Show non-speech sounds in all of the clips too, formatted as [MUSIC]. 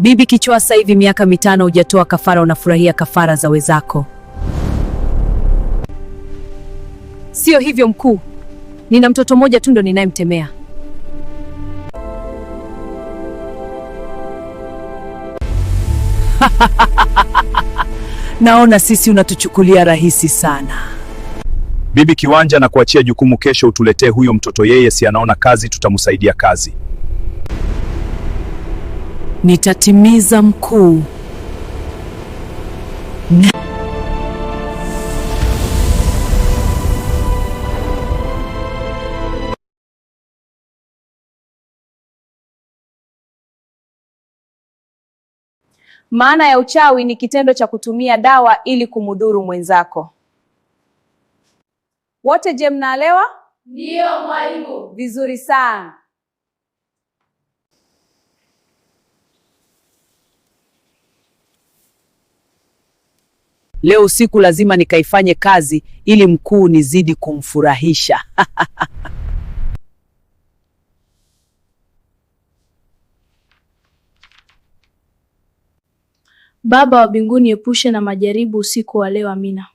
Bibi kichwa, sasa hivi miaka mitano hujatoa kafara, unafurahia kafara za wezako? Sio hivyo mkuu, nina mtoto mmoja tu ndo ninayemtemea. [LAUGHS] Naona sisi unatuchukulia rahisi sana. Bibi Kiwanja, na kuachia jukumu, kesho utuletee huyo mtoto. Yeye si anaona kazi, tutamsaidia kazi. Nitatimiza mkuu. Maana ya uchawi ni kitendo cha kutumia dawa ili kumudhuru mwenzako. Wote je, mnaelewa? Ndiyo mwalimu. Vizuri sana. Leo usiku lazima nikaifanye kazi ili mkuu nizidi kumfurahisha. [LAUGHS] Baba wa mbinguni, epushe na majaribu usiku wa leo. Amina.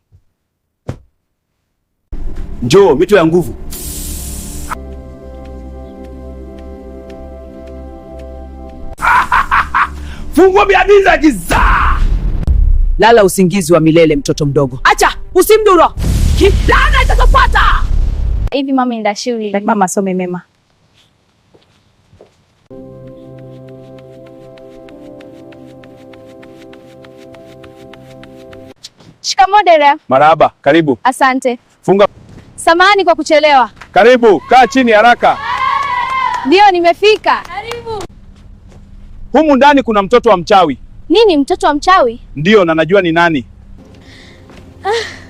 Njoo mito ya nguvu. [LAUGHS] Fungua miagizo kizaa Lala usingizi wa milele mtoto mdogo. Acha usimduro kidana itakapata hivi. Mama enda shule, mama some mema. Shikamoo dereva. Marahaba, karibu. Asante. Funga. Samahani kwa kuchelewa. Karibu, kaa chini haraka. Ndio nimefika. Karibu. Humu ndani kuna mtoto wa mchawi. Nini, mtoto wa mchawi? Ndiyo, na najua ni nani. Ah.